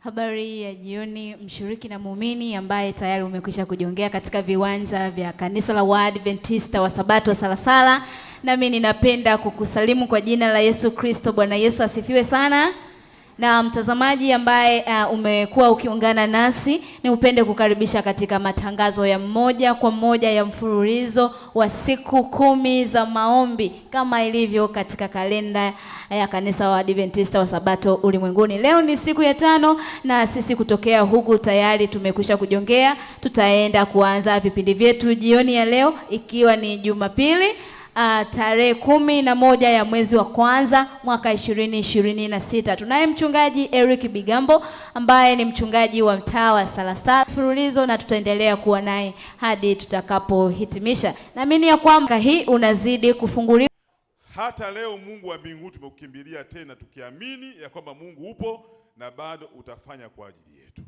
Habari ya jioni mshiriki na muumini ambaye tayari umekwisha kujiongea katika viwanja vya kanisa la Waadventista wa Sabato wa Salasala, nami ninapenda kukusalimu kwa jina la Yesu Kristo. Bwana Yesu asifiwe sana. Na mtazamaji ambaye uh, umekuwa ukiungana nasi, ni upende kukaribisha katika matangazo ya moja kwa moja ya mfululizo wa siku kumi za maombi kama ilivyo katika kalenda ya kanisa wa Adventista wa Sabato ulimwenguni. Leo ni siku ya tano, na sisi kutokea huku tayari tumekwisha kujongea, tutaenda kuanza vipindi vyetu jioni ya leo ikiwa ni Jumapili uh, tarehe kumi na moja ya mwezi wa kwanza mwaka ishirini ishirini na sita. Tunaye mchungaji Eric Bigambo ambaye ni mchungaji wa mtaa wa Salasala mfululizo na tutaendelea kuwa naye hadi tutakapohitimisha. Naamini ya kwamba hii unazidi kufunguliwa hata leo. Mungu wa mbinguni tumekukimbilia tena tukiamini ya kwamba Mungu upo na bado utafanya kwa ajili yetu.